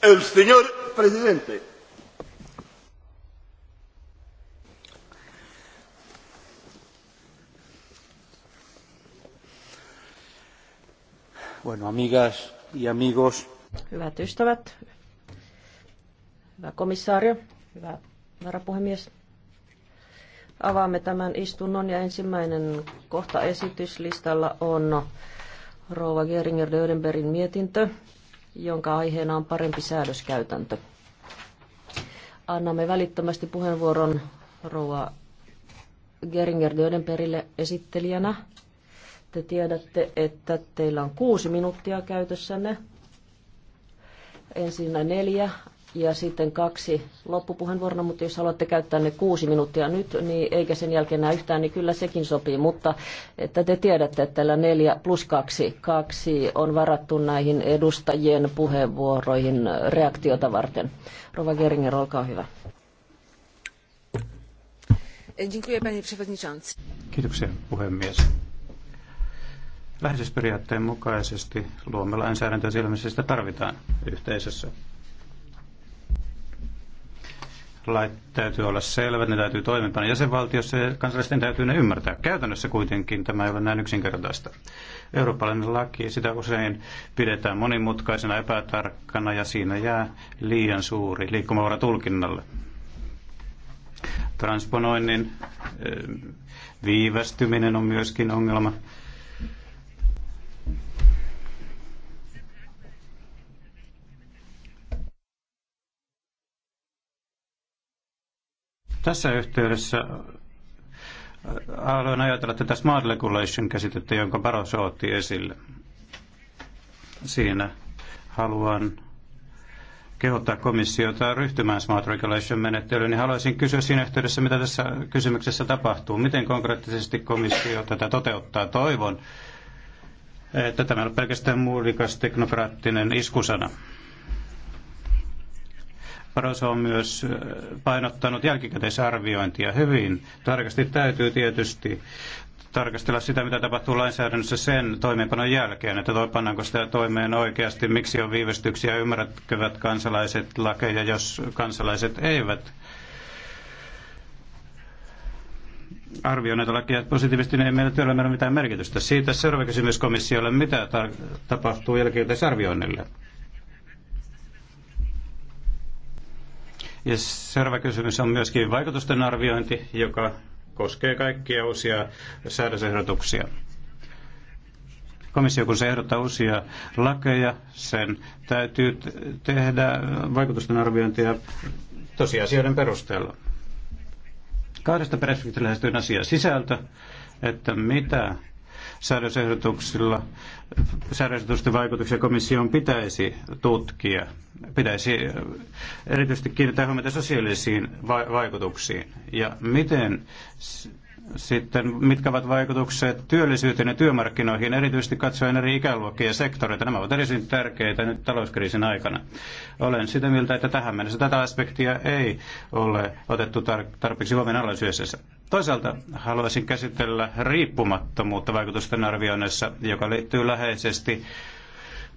El señor presidente. Bueno, amigas y amigos. Hyvät ystävät, hyvä komissaario, hyvä varapuhemies. Avaamme tämän istunnon ja ensimmäinen kohta esityslistalla on Rouva Geringer-Dödenbergin mietintö jonka aiheena on parempi säädöskäytäntö. Annamme välittömästi puheenvuoron rouva Geringer perille esittelijänä. Te tiedätte, että teillä on kuusi minuuttia käytössänne. Ensin neljä ja sitten kaksi loppupuheenvuorona, mutta jos haluatte käyttää ne kuusi minuuttia nyt, niin eikä sen jälkeen enää yhtään, niin kyllä sekin sopii. Mutta että te tiedätte, että tällä neljä plus kaksi, kaksi on varattu näihin edustajien puheenvuoroihin reaktiota varten. Rova Geringer, olkaa hyvä. Kiitoksia puhemies. Lähdysperiaatteen mukaisesti luomme lainsäädäntöä silmissä sitä tarvitaan yhteisössä lait täytyy olla selvät, ne täytyy toimenpana jäsenvaltiossa ja kansalaisten täytyy ne ymmärtää. Käytännössä kuitenkin tämä ei ole näin yksinkertaista. Eurooppalainen laki, sitä usein pidetään monimutkaisena, epätarkkana ja siinä jää liian suuri liikkumavara tulkinnalle. Transponoinnin eh, viivästyminen on myöskin ongelma. Tässä yhteydessä haluan äh, ajatella tätä smart regulation-käsitettä, jonka Barroso otti esille. Siinä haluan kehottaa komissiota ryhtymään Smart Regulation-menettelyyn, niin haluaisin kysyä siinä yhteydessä, mitä tässä kysymyksessä tapahtuu. Miten konkreettisesti komissio tätä toteuttaa? Toivon, että tämä on pelkästään muurikas teknokraattinen iskusana. Barroso on myös painottanut jälkikäteisarviointia hyvin. Tarkasti täytyy tietysti tarkastella sitä, mitä tapahtuu lainsäädännössä sen toimeenpanon jälkeen, että pannaanko sitä toimeen oikeasti, miksi on viivästyksiä, ymmärrätkövät kansalaiset lakeja, jos kansalaiset eivät arvioi näitä lakia positiivisesti, niin ei meillä ole mitään merkitystä. Siitä seuraava kysymys komissiolle, mitä tapahtuu jälkikäteisarvioinnille? Ja seuraava kysymys on myöskin vaikutusten arviointi, joka koskee kaikkia uusia säädösehdotuksia. Komissio, kun se ehdottaa uusia lakeja, sen täytyy tehdä vaikutusten arviointia tosiasioiden perusteella. Kahdesta perspektiivistä lähestyin asiaa sisältö, että mitä säädösehdotuksilla, säädösehdotusten vaikutuksia komission pitäisi tutkia. Pitäisi äh, erityisesti kiinnittää huomiota sosiaalisiin vaikutuksiin ja miten sitten mitkä ovat vaikutukset työllisyyteen ja työmarkkinoihin, erityisesti katsoen eri ikäluokkia ja sektoreita. Nämä ovat erityisen tärkeitä nyt talouskriisin aikana. Olen sitä mieltä, että tähän mennessä tätä aspektia ei ole otettu tarpeeksi huomioon alaisuudessa. Toisaalta haluaisin käsitellä riippumattomuutta vaikutusten arvioinnissa, joka liittyy läheisesti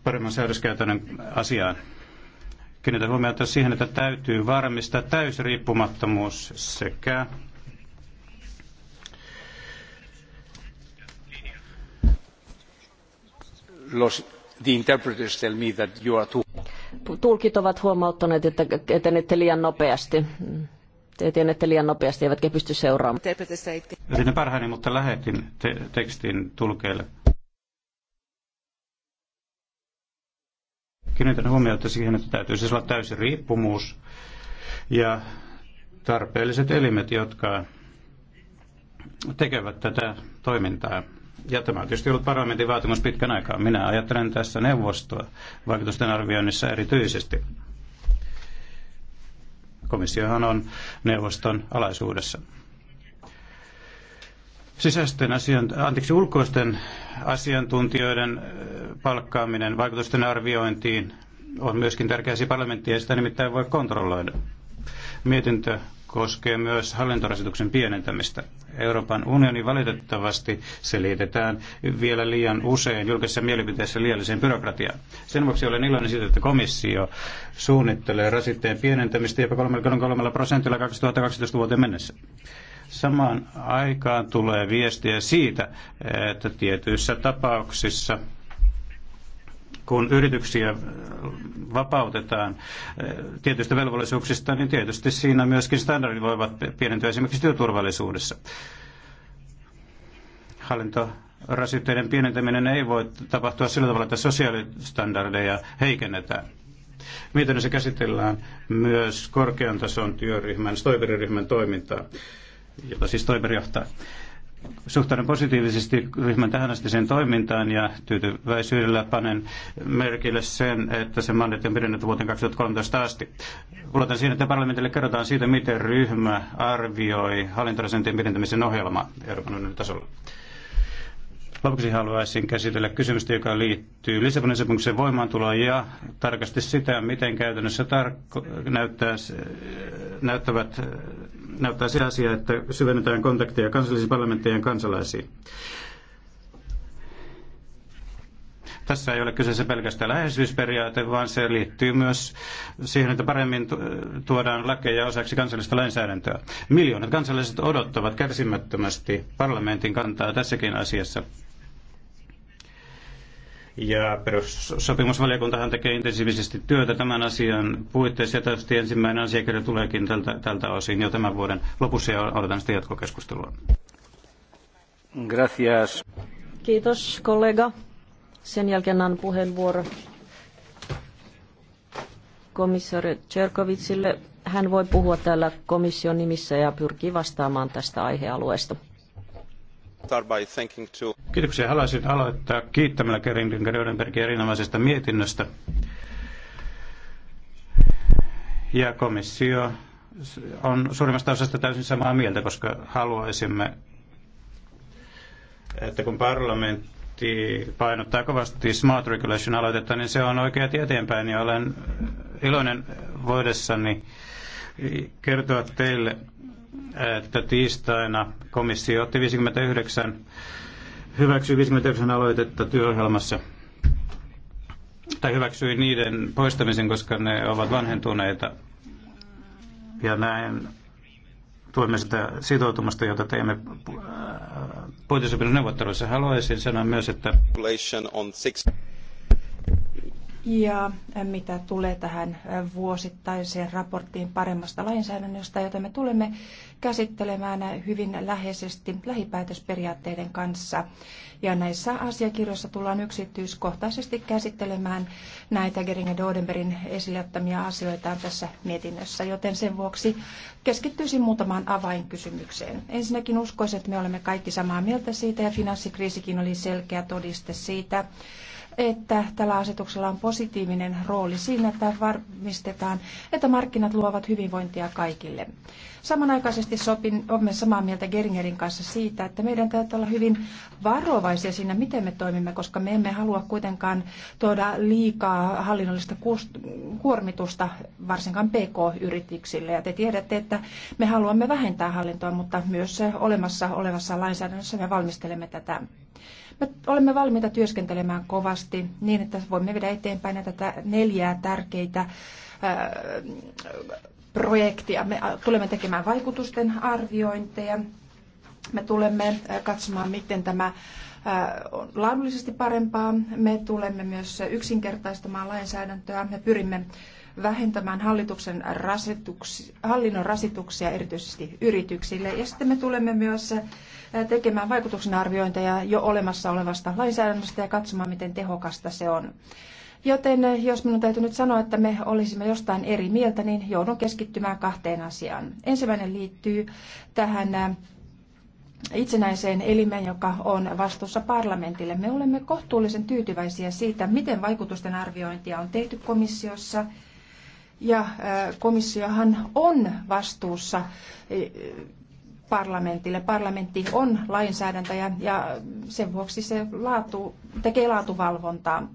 paremman säädöskäytännön asiaan kiinnitän huomiota siihen, että täytyy varmistaa täysriippumattomuus sekä Tulkit ovat huomauttaneet, että etenette liian nopeasti. Te etenette liian nopeasti, eivätkä pysty seuraamaan. Yritin parhaani, mutta lähetin te- tekstin tulkeille. Kiinnitän huomiota siihen, että täytyy siis olla täysi riippumus ja tarpeelliset elimet, jotka tekevät tätä toimintaa. Ja tämä on tietysti ollut parlamentin vaatimus pitkän aikaa. Minä ajattelen tässä neuvostoa vaikutusten arvioinnissa erityisesti. Komissiohan on neuvoston alaisuudessa. Sisäisten asian, anteeksi, ulkoisten asiantuntijoiden palkkaaminen vaikutusten arviointiin on myöskin tärkeä asia parlamenttia, sitä nimittäin voi kontrolloida. Mietintö koskee myös hallintorasituksen pienentämistä. Euroopan unioni valitettavasti selitetään vielä liian usein julkisessa mielipiteessä liialliseen byrokratiaan. Sen vuoksi olen iloinen siitä, että komissio suunnittelee rasitteen pienentämistä jopa 33 prosentilla 2012 vuoteen mennessä. Samaan aikaan tulee viestiä siitä, että tietyissä tapauksissa kun yrityksiä äh, vapautetaan äh, tietystä velvollisuuksista, niin tietysti siinä myöskin standardit voivat pienentyä esimerkiksi työturvallisuudessa. Hallinto pienentäminen ei voi tapahtua sillä tavalla, että sosiaalistandardeja heikennetään. Mietinnössä käsitellään myös korkean tason työryhmän, ryhmän toimintaa, jota siis Stoiber johtaa. Suhtaudun positiivisesti ryhmän tähän asti sen toimintaan ja tyytyväisyydellä panen merkille sen, että se mandaatti on pidennetty vuoteen 2013 asti. Luotan siihen, että parlamentille kerrotaan siitä, miten ryhmä arvioi hallintorasentien pidentämisen ohjelmaa Euroopan unionin tasolla. Lopuksi haluaisin käsitellä kysymystä, joka liittyy Lissabonin sopimuksen voimaantuloon ja tarkasti sitä, miten käytännössä tarkko, näyttää, näyttävät, näyttää se asia, että syvennetään kontakteja kansallisiin parlamenttien kansalaisiin. Tässä ei ole kyseessä pelkästään läheisyysperiaate, vaan se liittyy myös siihen, että paremmin tuodaan lakeja osaksi kansallista lainsäädäntöä. Miljoonat kansalaiset odottavat kärsimättömästi parlamentin kantaa tässäkin asiassa. Ja perussopimusvaliokuntahan tekee intensiivisesti työtä tämän asian puitteissa. Ja tietysti ensimmäinen asiakirja tuleekin tältä, tältä osin jo tämän vuoden lopussa ja odotan sitä jatkokeskustelua. Gracias. Kiitos kollega. Sen jälkeen annan puheenvuoro komissaari Tserkovitsille. Hän voi puhua täällä komission nimissä ja pyrkii vastaamaan tästä aihealueesta. Kiitoksia. Haluaisin aloittaa kiittämällä Keringer Jodenbergin erinomaisesta mietinnöstä. Ja komissio on suurimmasta osasta täysin samaa mieltä, koska haluaisimme, että kun parlamentti kovasti, painottaa kovasti Smart Regulation-aloitetta, niin se on oikea tie eteenpäin ja olen iloinen voidessani kertoa teille, että tiistaina komissio otti 59, hyväksyi 59 aloitetta työohjelmassa tai hyväksyi niiden poistamisen, koska ne ovat vanhentuneita. Ja näin tuemme sitä sitoutumasta, jota teemme äh, puitesopimusneuvotteluissa. Haluaisin sanoa myös, että ja eh, mitä tulee tähän eh, vuosittaiseen raporttiin paremmasta lainsäädännöstä, jota me tulemme käsittelemään eh, hyvin läheisesti lähipäätösperiaatteiden kanssa. Ja näissä asiakirjoissa tullaan yksityiskohtaisesti käsittelemään näitä Geringen Dodenbergin esille ottamia asioita tässä mietinnössä, joten sen vuoksi keskittyisin muutamaan avainkysymykseen. Ensinnäkin uskoisin, että me olemme kaikki samaa mieltä siitä ja finanssikriisikin oli selkeä todiste siitä, että tällä asetuksella on positiivinen rooli siinä, että varmistetaan, että markkinat luovat hyvinvointia kaikille. Samanaikaisesti sopin, olemme samaa mieltä Geringerin kanssa siitä, että meidän täytyy olla hyvin varovaisia siinä, miten me toimimme, koska me emme halua kuitenkaan tuoda liikaa hallinnollista kuormitusta varsinkaan PK-yrityksille. Ja te tiedätte, että me haluamme vähentää hallintoa, mutta myös olemassa olevassa lainsäädännössä me valmistelemme tätä me olemme valmiita työskentelemään kovasti niin, että voimme viedä eteenpäin näitä neljää tärkeitä projektia. Me tulemme tekemään vaikutusten arviointeja. Me tulemme katsomaan, miten tämä on laadullisesti parempaa. Me tulemme myös yksinkertaistamaan lainsäädäntöä. Me pyrimme vähentämään hallituksen rasituksia, hallinnon rasituksia erityisesti yrityksille. Ja sitten me tulemme myös tekemään vaikutuksenarviointeja jo olemassa olevasta lainsäädännöstä ja katsomaan, miten tehokasta se on. Joten jos minun täytyy nyt sanoa, että me olisimme jostain eri mieltä, niin joudun keskittymään kahteen asiaan. Ensimmäinen liittyy tähän itsenäiseen elimeen, joka on vastuussa parlamentille. Me olemme kohtuullisen tyytyväisiä siitä, miten vaikutusten arviointia on tehty komissiossa ja äh, komissiohan on vastuussa äh, parlamentille. Parlamentti on lainsäädäntö ja sen vuoksi se laatu, tekee laatuvalvontaa.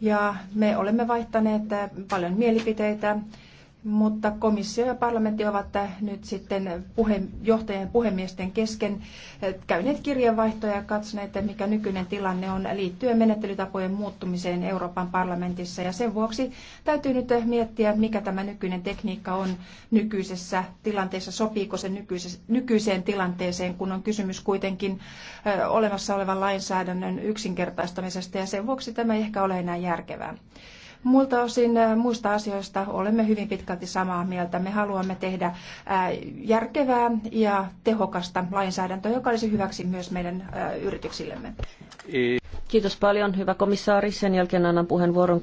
Ja me olemme vaihtaneet äh, paljon mielipiteitä mutta komissio ja parlamentti ovat nyt sitten puheenjohtajien puhemiesten kesken eh, käyneet kirjeenvaihtoja ja katsoneet, eh, mikä nykyinen tilanne on liittyen menettelytapojen muuttumiseen Euroopan parlamentissa. Ja sen vuoksi täytyy nyt eh, miettiä, mikä tämä nykyinen tekniikka on nykyisessä tilanteessa, sopiiko se nykyiseen tilanteeseen, kun on kysymys kuitenkin olemassa olevan lainsäädännön yksinkertaistamisesta. Ja sen vuoksi tämä ei ehkä ole enää järkevää. Muilta osin muista asioista olemme hyvin pitkälti samaa mieltä. Me haluamme tehdä järkevää ja tehokasta lainsäädäntöä, joka olisi hyväksi myös meidän yrityksillemme. Kiitos paljon, hyvä komissaari. Sen jälkeen annan puheenvuoron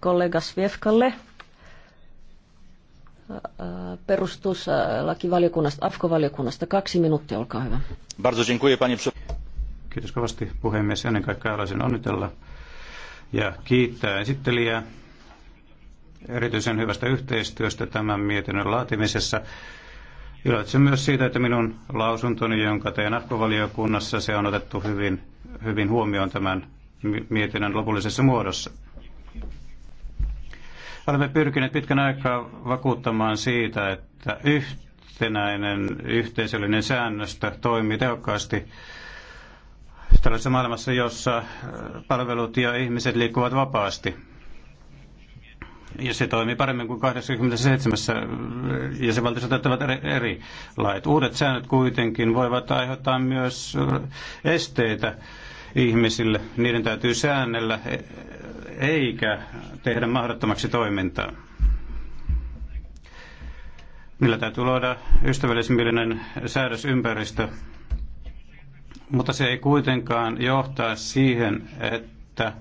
kollega Svefkalle perustuslakivaliokunnasta, AFKO-valiokunnasta. Kaksi minuuttia, olkaa hyvä. Bardzo dziękuję, panie Kiitos kovasti puhemies. Ennen kaikkea haluaisin onnitella ja kiittää esittelijää erityisen hyvästä yhteistyöstä tämän mietinnön laatimisessa. Iloitsen myös siitä, että minun lausuntoni, jonka tein afkovaliokunnassa, se on otettu hyvin, hyvin huomioon tämän mietinnön lopullisessa muodossa. Olemme pyrkineet pitkän aikaa vakuuttamaan siitä, että yhtenäinen yhteisöllinen säännöstö toimii tehokkaasti tällaisessa maailmassa, jossa äh, palvelut ja ihmiset liikkuvat vapaasti. Ja se toimii paremmin kuin 87 äh, jäsenvaltiossa otettavat eri lait. Uudet säännöt kuitenkin voivat aiheuttaa myös äh, esteitä ihmisille. Niiden täytyy säännellä e, eikä tehdä mahdottomaksi toimintaa. Niillä täytyy luoda ystävällismielinen säädösympäristö, mutta se ei kuitenkaan johtaa siihen, että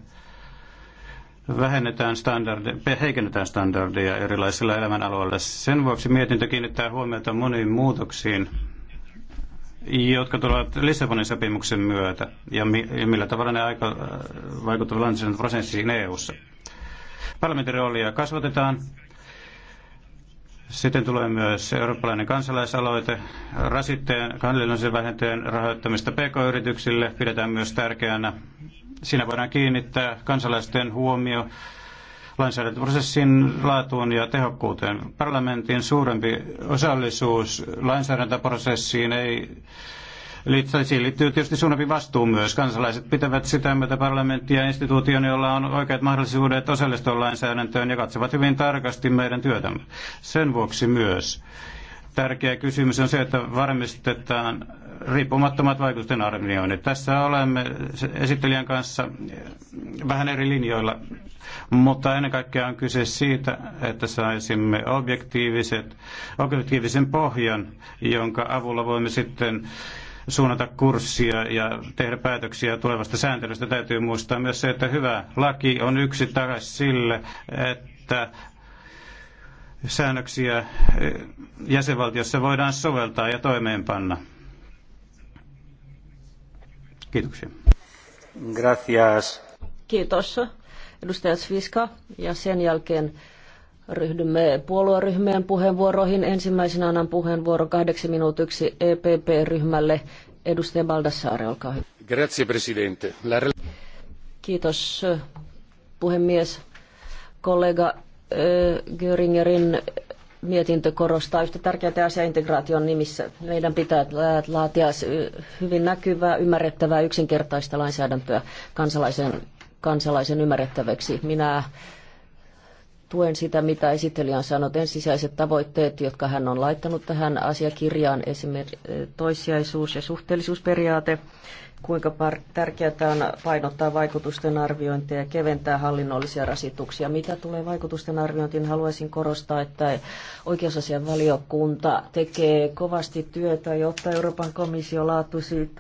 vähennetään standardi, heikennetään standardia erilaisilla elämänalueilla. Sen vuoksi mietintö kiinnittää huomiota moniin muutoksiin, jotka tulevat Lissabonin sopimuksen myötä ja, mi- ja millä tavalla ne aika äh, vaikuttavat prosessiin EU-ssa. Parlamentin roolia kasvatetaan sitten tulee myös eurooppalainen kansalaisaloite rasitteen hallinnollisen vähenteen rahoittamista pk-yrityksille. Pidetään myös tärkeänä. Siinä voidaan kiinnittää kansalaisten huomio lainsäädäntöprosessin laatuun ja tehokkuuteen. Parlamentin suurempi osallisuus lainsäädäntöprosessiin ei Siihen liittyy tietysti suunnampi vastuu myös. Kansalaiset pitävät sitä myötä parlamenttia instituution, jolla on oikeat mahdollisuudet osallistua lainsäädäntöön ja katsovat hyvin tarkasti meidän työtämme. Sen vuoksi myös tärkeä kysymys on se, että varmistetaan riippumattomat vaikutusten arvioinnit. Tässä olemme esittelijän kanssa vähän eri linjoilla, mutta ennen kaikkea on kyse siitä, että saisimme objektiiviset, objektiivisen pohjan, jonka avulla voimme sitten suunnata kurssia ja tehdä päätöksiä tulevasta sääntelystä. Täytyy muistaa myös se, että hyvä laki on yksi takaisin sille, että säännöksiä eh, jäsenvaltiossa voidaan soveltaa ja toimeenpanna. Kiitoksia. Gracias. Kiitos. Edustaja Sviska ja sen jälkeen Ryhdymme puolueryhmien puheenvuoroihin. Ensimmäisenä annan puheenvuoro kahdeksi minuutiksi EPP-ryhmälle. Edustaja Baldassare, olkaa hyvä. Grazie, presidente. Kiitos, puhemies. Kollega Göringerin mietintö korostaa yhtä tärkeää asiaa integraation nimissä. Meidän pitää laatia hyvin näkyvää, ymmärrettävää, yksinkertaista lainsäädäntöä kansalaisen, kansalaisen ymmärrettäväksi. Minä tuen sitä, mitä esittelijä on sanonut, ensisijaiset tavoitteet, jotka hän on laittanut tähän asiakirjaan, esimerkiksi toissijaisuus- ja suhteellisuusperiaate, kuinka tärkeää on painottaa vaikutusten arviointia ja keventää hallinnollisia rasituksia. Mitä tulee vaikutusten arviointiin, haluaisin korostaa, että oikeusasian valiokunta tekee kovasti työtä, jotta Euroopan komissio laatuisi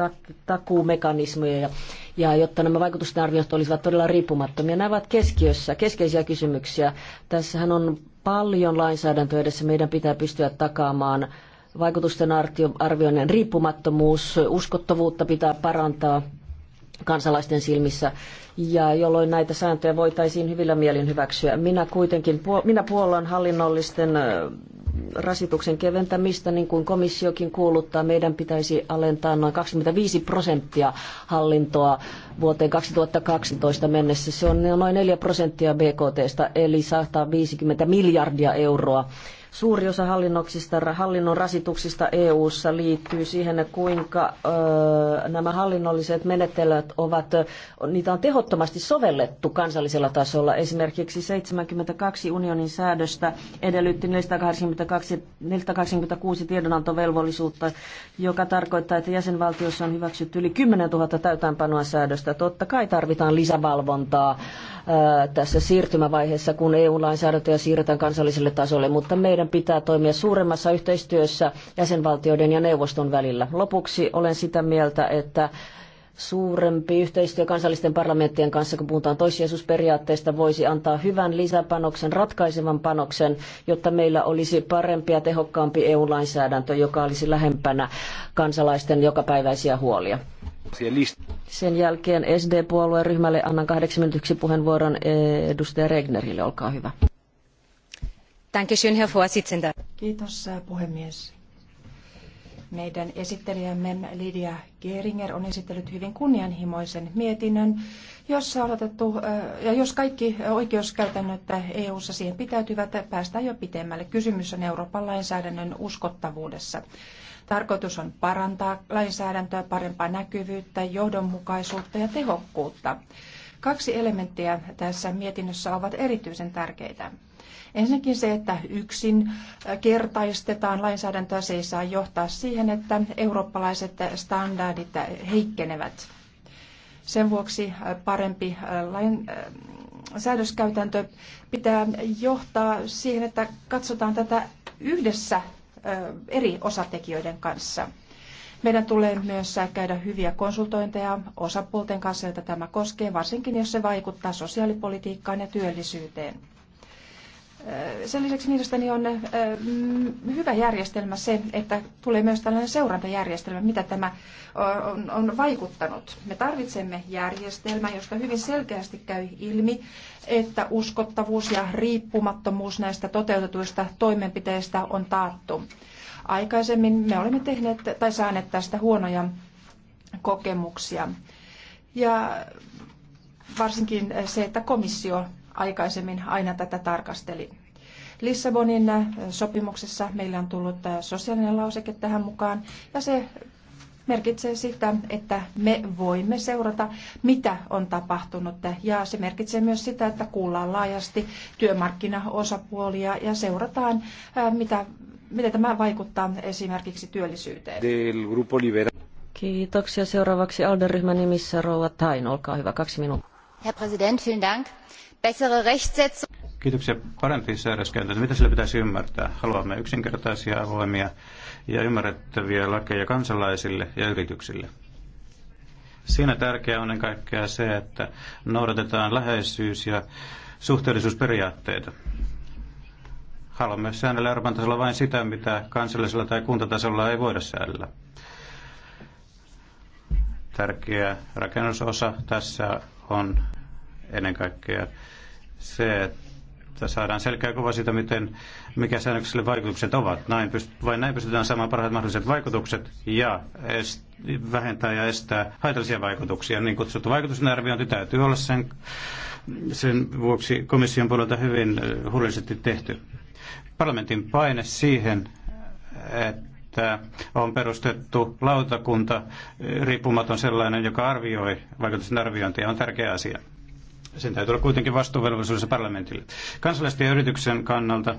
takuumekanismeja ja jotta nämä vaikutusten arviot olisivat todella riippumattomia. Nämä ovat keskiössä, keskeisiä kysymyksiä. Tässähän on paljon lainsäädäntöä edessä. Meidän pitää pystyä takaamaan vaikutusten arvioinnin riippumattomuus, uskottavuutta pitää parantaa kansalaisten silmissä, ja jolloin näitä sääntöjä voitaisiin hyvillä mielin hyväksyä. Minä kuitenkin minä puollan hallinnollisten rasituksen keventämistä, niin kuin komissiokin kuuluttaa, meidän pitäisi alentaa noin 25 prosenttia hallintoa vuoteen 2012 mennessä. Se on noin 4 prosenttia BKTstä, eli 150 miljardia euroa Suuri osa hallinnoksista, hallinnon rasituksista EU:ssa liittyy siihen, kuinka ö, nämä hallinnolliset menettelyt ovat, niitä on tehottomasti sovellettu kansallisella tasolla. Esimerkiksi 72 unionin säädöstä edellytti 482, 486 tiedonantovelvollisuutta, joka tarkoittaa, että jäsenvaltiossa on hyväksytty yli 10 000 täytäänpanoa säädöstä. Totta kai tarvitaan lisävalvontaa ö, tässä siirtymävaiheessa, kun eu lainsäädäntöjä siirretään kansalliselle tasolle, mutta meidän meidän pitää toimia suuremmassa yhteistyössä jäsenvaltioiden ja neuvoston välillä. Lopuksi olen sitä mieltä, että suurempi yhteistyö kansallisten parlamenttien kanssa, kun puhutaan toissijaisuusperiaatteesta, voisi antaa hyvän lisäpanoksen, ratkaisevan panoksen, jotta meillä olisi parempi ja tehokkaampi EU-lainsäädäntö, joka olisi lähempänä kansalaisten jokapäiväisiä huolia. Sen jälkeen SD-puolueen ryhmälle annan 81 puheenvuoron eh, edustaja Regnerille. Olkaa hyvä. Herr Kiitos äh, puhemies. Meidän esittelijämme Lydia Geringer on esitellyt hyvin kunnianhimoisen mietinnön, jossa on otettu, äh, ja jos kaikki oikeuskäytännöt EU-ssa siihen pitäytyvät, päästään jo pitemmälle. Kysymys on Euroopan lainsäädännön uskottavuudessa. Tarkoitus on parantaa lainsäädäntöä, parempaa näkyvyyttä, johdonmukaisuutta ja tehokkuutta. Kaksi elementtiä tässä mietinnössä ovat erityisen tärkeitä. Ensinnäkin se, että yksin kertaistetaan lainsäädäntöä, se ei saa johtaa siihen, että eurooppalaiset standardit heikkenevät. Sen vuoksi parempi lain, äh, säädöskäytäntö pitää johtaa siihen, että katsotaan tätä yhdessä äh, eri osatekijöiden kanssa. Meidän tulee myös käydä hyviä konsultointeja osapuolten kanssa, joita tämä koskee, varsinkin jos se vaikuttaa sosiaalipolitiikkaan ja työllisyyteen. Sen lisäksi mielestäni on mm, hyvä järjestelmä se, että tulee myös tällainen seurantajärjestelmä, mitä tämä on vaikuttanut. Me tarvitsemme järjestelmän, josta hyvin selkeästi käy ilmi, että uskottavuus ja riippumattomuus näistä toteutetuista toimenpiteistä on taattu. Aikaisemmin me olemme tehneet tai saaneet tästä huonoja kokemuksia. Ja varsinkin se, että komissio aikaisemmin aina tätä tarkasteli. Lissabonin äh, sopimuksessa meillä on tullut äh, sosiaalinen lauseke tähän mukaan ja se merkitsee sitä, että me voimme seurata, mitä on tapahtunut. Ja se merkitsee myös sitä, että kuullaan laajasti työmarkkinaosapuolia ja seurataan, äh, mitä, miten tämä vaikuttaa esimerkiksi työllisyyteen. Kiitoksia. Seuraavaksi Alden-ryhmän nimissä Rouva Tain. Olkaa hyvä, kaksi minuuttia. Herr Präsident, vielen Dank bessere Rechtsetzung. Kiitoksia. Parempi säädöskäytäntö. Mitä sillä pitäisi ymmärtää? Haluamme yksinkertaisia, avoimia ja ymmärrettäviä lakeja kansalaisille ja yrityksille. Siinä tärkeää on ennen kaikkea se, että noudatetaan läheisyys- ja suhteellisuusperiaatteita. Haluamme säännellä Euroopan tasolla vain sitä, mitä kansallisella tai kuntatasolla ei voida säädellä. Tärkeä rakennusosa tässä on ennen kaikkea se, että saadaan selkeä kuva siitä, miten, mikä säännöksille vaikutukset ovat. Näin pyst- vain näin pystytään saamaan parhaat mahdolliset vaikutukset ja est- vähentää ja estää haitallisia vaikutuksia. Niin kutsuttu vaikutusarviointi täytyy olla sen, sen vuoksi komission puolelta hyvin huolellisesti tehty. Parlamentin paine siihen, että on perustettu lautakunta, riippumaton sellainen, joka arvioi vaikutusten arviointia, on tärkeä asia sen täytyy olla kuitenkin vastuuvelvollisuudessa parlamentille. Kansalaisten ja yrityksen kannalta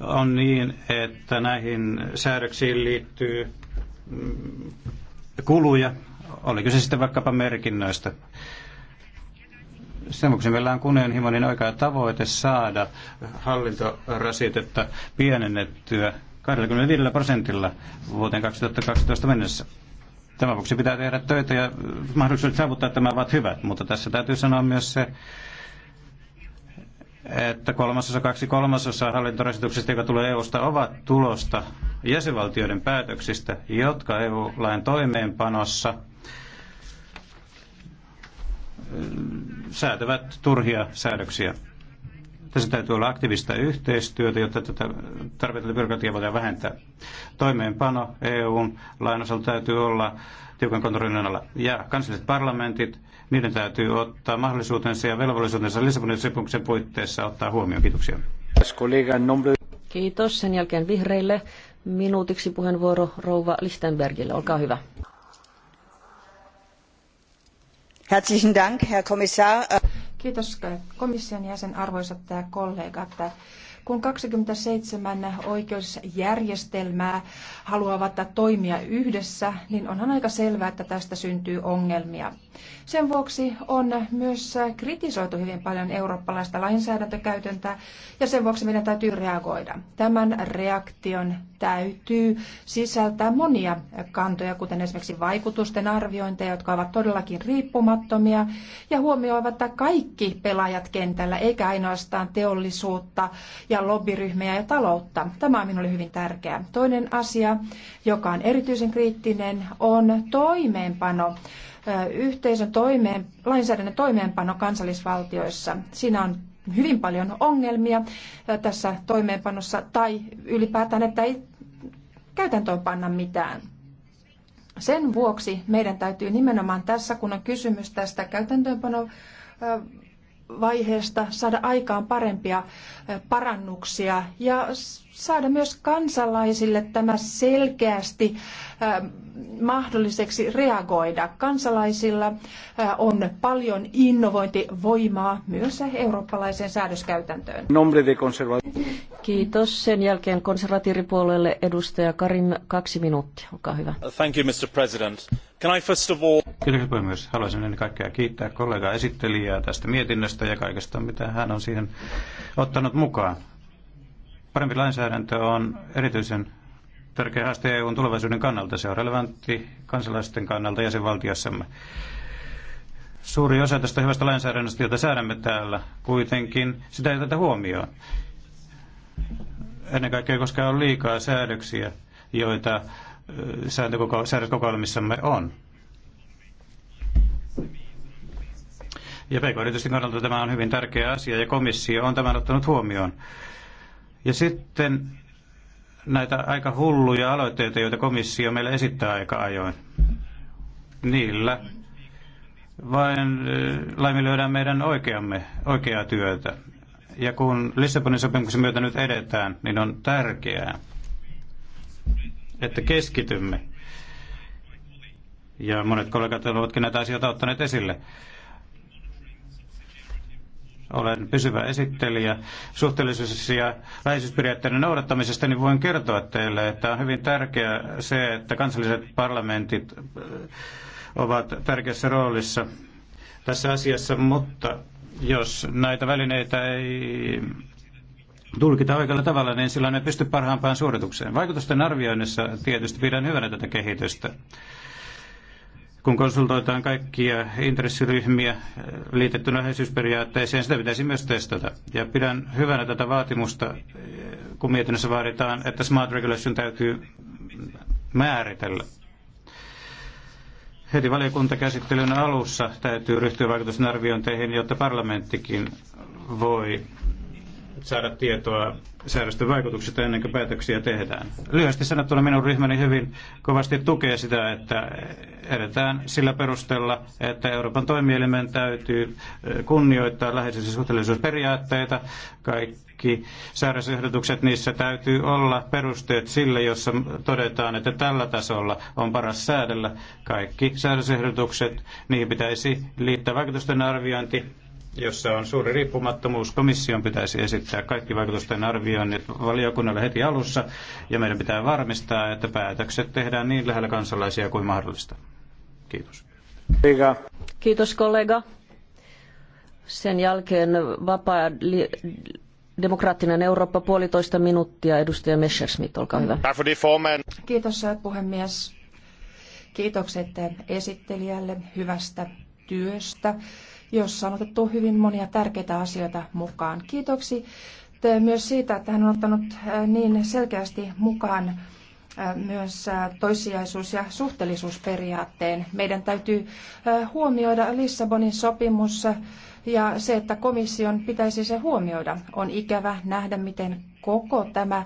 on niin, että näihin säädöksiin liittyy mm, kuluja, oliko se sitten vaikkapa merkinnöistä. Sen vuoksi meillä on kunnianhimoinen oikea tavoite saada hallintorasitetta pienennettyä 25 prosentilla vuoteen 2012 mennessä. Tämän vuoksi pitää tehdä töitä ja mahdollisuudet saavuttaa tämä ovat hyvät, mutta tässä täytyy sanoa myös se, että kolmasosa, kaksi kolmasosaa hallintorasituksista, joka tulee EUsta, ovat tulosta jäsenvaltioiden päätöksistä, jotka EU-lain toimeenpanossa säätävät turhia säädöksiä. Tässä täytyy olla aktiivista yhteistyötä, jotta tätä tarvittavaa byrokratiaa voidaan vähentää. Toimeenpano EUn lainosalta täytyy olla tiukan kontrollin alla. Ja kansalliset parlamentit, niiden täytyy ottaa mahdollisuutensa ja velvollisuutensa Lissabonin sopimuksen puitteissa ottaa huomioon. Kiitoksia. Kiitos. Sen jälkeen vihreille minuutiksi puheenvuoro rouva Lichtenbergille. Olkaa hyvä. Herzlichen Dank, Herr Kommissar. Kiitos komission jäsen, arvoisat kollegat. Kun 27 oikeusjärjestelmää haluavat toimia yhdessä, niin onhan aika selvää, että tästä syntyy ongelmia. Sen vuoksi on myös kritisoitu hyvin paljon eurooppalaista lainsäädäntökäytäntöä ja sen vuoksi meidän täytyy reagoida. Tämän reaktion täytyy sisältää monia kantoja, kuten esimerkiksi vaikutusten arviointeja, jotka ovat todellakin riippumattomia ja huomioivat kaikki pelaajat kentällä, eikä ainoastaan teollisuutta ja lobbyryhmiä ja taloutta. Tämä on minulle hyvin tärkeää. Toinen asia, joka on erityisen kriittinen, on toimeenpano yhteisön toimeen, lainsäädännön toimeenpano kansallisvaltioissa. Siinä on hyvin paljon ongelmia tässä toimeenpanossa tai ylipäätään, että ei käytäntöön panna mitään. Sen vuoksi meidän täytyy nimenomaan tässä, kun on kysymys tästä käytäntöönpano vaiheesta saada aikaan parempia parannuksia ja saada myös kansalaisille tämä selkeästi mahdolliseksi reagoida. Kansalaisilla on paljon innovointivoimaa myös eurooppalaiseen säädöskäytäntöön. Kiitos. Sen jälkeen konservatiivipuolueelle edustaja Karim kaksi minuuttia. Olkaa hyvä. Thank you, Mr. President. Can I first of all... Kiitoksia puhemies. Haluaisin ennen kaikkea kiittää kollegaa esittelijää tästä mietinnöstä ja kaikesta, mitä hän on siihen ottanut mukaan. Parempi lainsäädäntö on erityisen tärkeä haaste EUn tulevaisuuden kannalta. Se on relevantti kansalaisten kannalta jäsenvaltiossamme. Suuri osa tästä hyvästä lainsäädännöstä, jota säädämme täällä, kuitenkin sitä ei tätä huomioon. Ennen kaikkea, koska on liikaa säädöksiä, joita säädöskokoelmissamme on Ja pk-yritysten kannalta tämä on hyvin tärkeä asia ja komissio on tämän ottanut huomioon. Ja sitten näitä aika hulluja aloitteita, joita komissio meille esittää aika ajoin. Niillä vain eh, laiminlyödään meidän oikeamme, oikeaa työtä. Ja kun Lissabonin sopimuksen myötä nyt edetään, niin on tärkeää, että keskitymme. Ja monet kollegat ovatkin näitä asioita ottaneet esille olen pysyvä esittelijä suhteellisuus- ja läheisyysperiaatteiden noudattamisesta, niin voin kertoa teille, että on hyvin tärkeää se, että kansalliset parlamentit äh, ovat tärkeässä roolissa tässä asiassa, mutta jos näitä välineitä ei tulkita oikealla tavalla, niin silloin ne pysty parhaampaan suoritukseen. Vaikutusten arvioinnissa tietysti pidän hyvänä tätä kehitystä kun konsultoitaan kaikkia intressiryhmiä eh, liitettynä läheisyysperiaatteeseen, sitä pitäisi myös testata. Ja pidän hyvänä tätä vaatimusta, eh, kun mietinnössä vaaditaan, että smart regulation täytyy määritellä. Heti valiokuntakäsittelyn alussa täytyy ryhtyä vaikutusten arviointeihin, jotta parlamenttikin voi saada tietoa säädösten vaikutuksista ennen kuin päätöksiä tehdään. Lyhyesti sanottuna minun ryhmäni hyvin kovasti tukee sitä, että edetään sillä perusteella, että Euroopan toimielimen täytyy eh, kunnioittaa läheisyyden suhteellisuusperiaatteita. Kaikki säädösehdotukset, niissä täytyy olla perusteet sille, jossa todetaan, että tällä tasolla on paras säädellä. Kaikki säädösehdotukset, niihin pitäisi liittää vaikutusten arviointi jossa on suuri riippumattomuus. Komission pitäisi esittää kaikki vaikutusten arvioinnit valiokunnalle heti alussa, ja meidän pitää varmistaa, että päätökset tehdään niin lähellä kansalaisia kuin mahdollista. Kiitos. Kiitos kollega. Sen jälkeen vapaa demokraattinen Eurooppa puolitoista minuuttia. Edustaja Messerschmidt, olkaa hyvä. Kiitos puhemies. Kiitokset esittelijälle hyvästä työstä jossa on otettu hyvin monia tärkeitä asioita mukaan. Kiitoksi myös siitä, että hän on ottanut äh, niin selkeästi mukaan äh, myös äh, toissijaisuus- ja suhteellisuusperiaatteen. Meidän täytyy huomioida Lissabonin sopimus ja se, että komission pitäisi se huomioida. On ikävä nähdä, miten koko tämä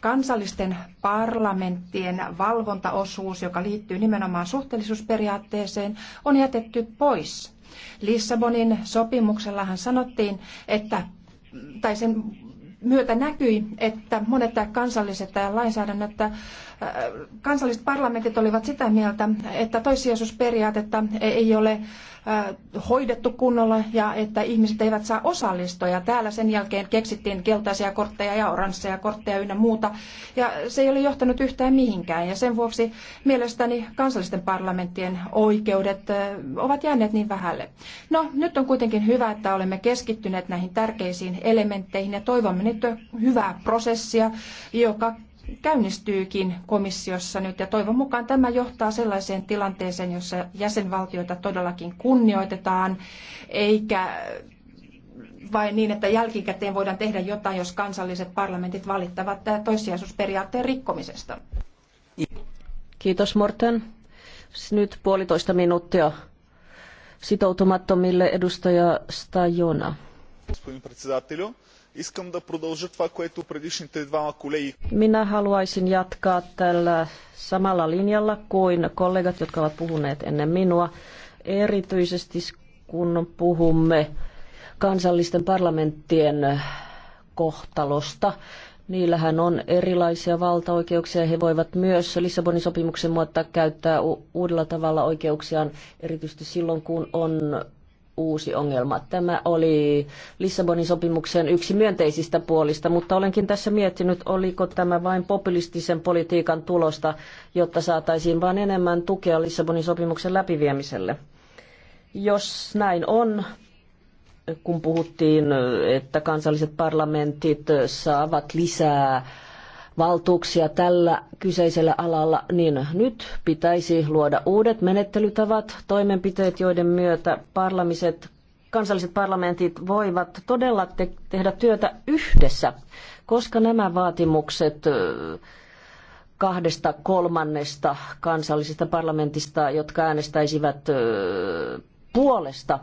kansallisten parlamenttien valvontaosuus, joka liittyy nimenomaan suhteellisuusperiaatteeseen, on jätetty pois Lissabonin sopimuksellahan sanottiin, että, tai sen myötä näkyi, että monet kansalliset lainsäädännöt Äh, kansalliset parlamentit olivat sitä mieltä, että toissijaisuusperiaatetta e- ei ole äh, hoidettu kunnolla ja että ihmiset eivät saa osallistua. Ja täällä sen jälkeen keksittiin keltaisia kortteja ja oransseja kortteja ynnä muuta. Ja se ei ole johtanut yhtään mihinkään. Ja sen vuoksi mielestäni kansallisten parlamenttien oikeudet äh, ovat jääneet niin vähälle. No, nyt on kuitenkin hyvä, että olemme keskittyneet näihin tärkeisiin elementteihin ja toivomme nyt hyvää prosessia, joka käynnistyykin komissiossa nyt ja toivon mukaan tämä johtaa sellaiseen tilanteeseen, jossa jäsenvaltioita todellakin kunnioitetaan, eikä vain niin, että jälkikäteen voidaan tehdä jotain, jos kansalliset parlamentit valittavat toissijaisuusperiaatteen rikkomisesta. Kiitos Morten. Nyt puolitoista minuuttia sitoutumattomille edustaja Stajona. Minä haluaisin jatkaa tällä samalla linjalla kuin kollegat, jotka ovat puhuneet ennen minua. Erityisesti kun puhumme kansallisten parlamenttien kohtalosta, Niillähän on erilaisia valtaoikeuksia. He voivat myös Lissabonin sopimuksen muotta käyttää uudella tavalla oikeuksiaan, erityisesti silloin kun on uusi ongelma. Tämä oli Lissabonin sopimuksen yksi myönteisistä puolista, mutta olenkin tässä miettinyt, oliko tämä vain populistisen politiikan tulosta, jotta saataisiin vain enemmän tukea Lissabonin sopimuksen läpiviemiselle. Jos näin on, kun puhuttiin, että kansalliset parlamentit saavat lisää valtuuksia tällä kyseisellä alalla, niin nyt pitäisi luoda uudet menettelytavat, toimenpiteet, joiden myötä parlamiset, kansalliset parlamentit voivat todella te- tehdä työtä yhdessä, koska nämä vaatimukset kahdesta kolmannesta kansallisesta parlamentista, jotka äänestäisivät puolesta.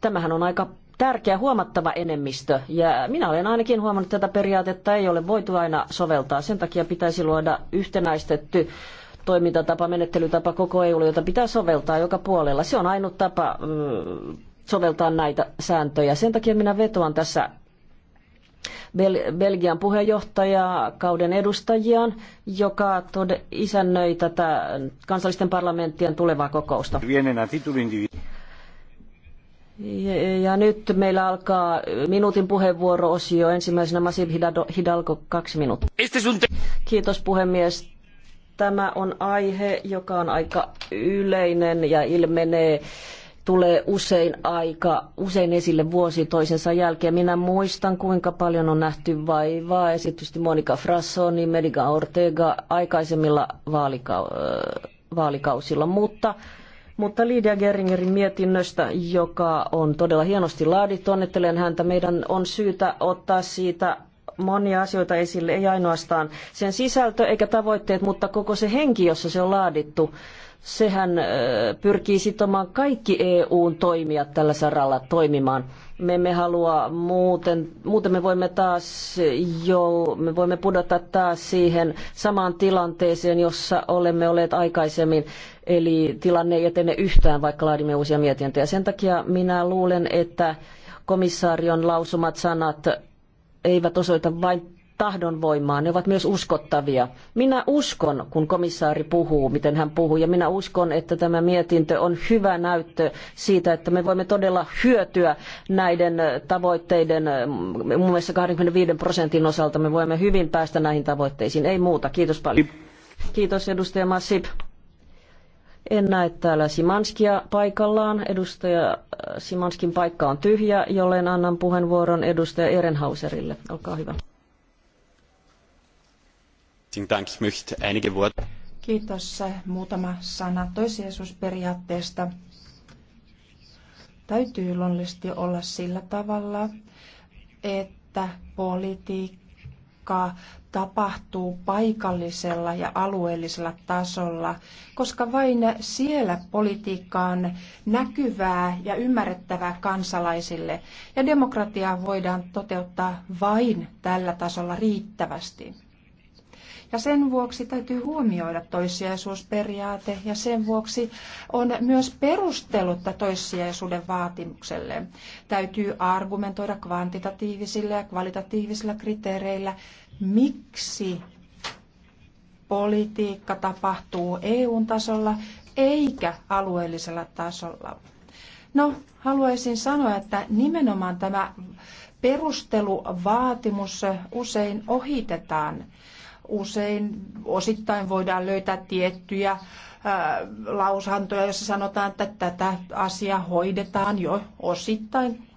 Tämähän on aika tärkeä huomattava enemmistö. Ja minä olen ainakin huomannut, että tätä periaatetta ei ole voitu aina soveltaa. Sen takia pitäisi luoda yhtenäistetty toimintatapa, menettelytapa koko EUlle, jota pitää soveltaa joka puolella. Se on ainut tapa mm, soveltaa näitä sääntöjä. Sen takia minä vetoan tässä Bel- Belgian puheenjohtajaa, kauden edustajiaan, joka tode- isännöi tätä kansallisten parlamenttien tulevaa kokousta. Ja nyt meillä alkaa minuutin puheenvuoro-osio. Ensimmäisenä Masib Hidalgo, kaksi minuuttia. Kiitos puhemies. Tämä on aihe, joka on aika yleinen ja ilmenee tulee usein aika, usein esille vuosi toisensa jälkeen. Minä muistan, kuinka paljon on nähty vaivaa, esitysti Monika Frassoni, Medica Ortega aikaisemmilla vaalika- vaalikausilla, mutta mutta Lydia Geringerin mietinnöstä, joka on todella hienosti laadittu, onnettelen häntä, meidän on syytä ottaa siitä monia asioita esille, ei ainoastaan sen sisältö eikä tavoitteet, mutta koko se henki, jossa se on laadittu. Sehän pyrkii sitomaan kaikki EUn toimijat tällä saralla toimimaan me emme halua muuten, muuten me voimme taas jo, me voimme pudota taas siihen samaan tilanteeseen, jossa olemme olleet aikaisemmin. Eli tilanne ei etene yhtään, vaikka laadimme uusia mietintöjä. Sen takia minä luulen, että komissaarion lausumat sanat eivät osoita vain tahdonvoimaa, ne ovat myös uskottavia. Minä uskon, kun komissaari puhuu, miten hän puhuu, ja minä uskon, että tämä mietintö on hyvä näyttö siitä, että me voimme todella hyötyä näiden tavoitteiden, muun muassa 25 prosentin osalta me voimme hyvin päästä näihin tavoitteisiin. Ei muuta, kiitos paljon. Kiitos edustaja Massip. En näe täällä Simanskia paikallaan. Edustaja äh, Simanskin paikka on tyhjä, jollen annan puheenvuoron edustaja Ehrenhauserille. Olkaa hyvä. Ich möchte einige Worte. Kiitos. Muutama sana toisiaisuusperiaatteesta. Täytyy luonnollisesti olla sillä tavalla, että politiikka tapahtuu paikallisella ja alueellisella tasolla, koska vain siellä politiikka on näkyvää ja ymmärrettävää kansalaisille, ja demokratiaa voidaan toteuttaa vain tällä tasolla riittävästi. Ja sen vuoksi täytyy huomioida toissijaisuusperiaate ja sen vuoksi on myös perustelutta toissijaisuuden vaatimukselle. Täytyy argumentoida kvantitatiivisilla ja kvalitatiivisilla kriteereillä, miksi politiikka tapahtuu EU-tasolla eikä alueellisella tasolla. No, haluaisin sanoa, että nimenomaan tämä perusteluvaatimus usein ohitetaan usein osittain voidaan löytää tiettyjä äh, lausantoja, joissa sanotaan, että tätä asiaa hoidetaan jo osittain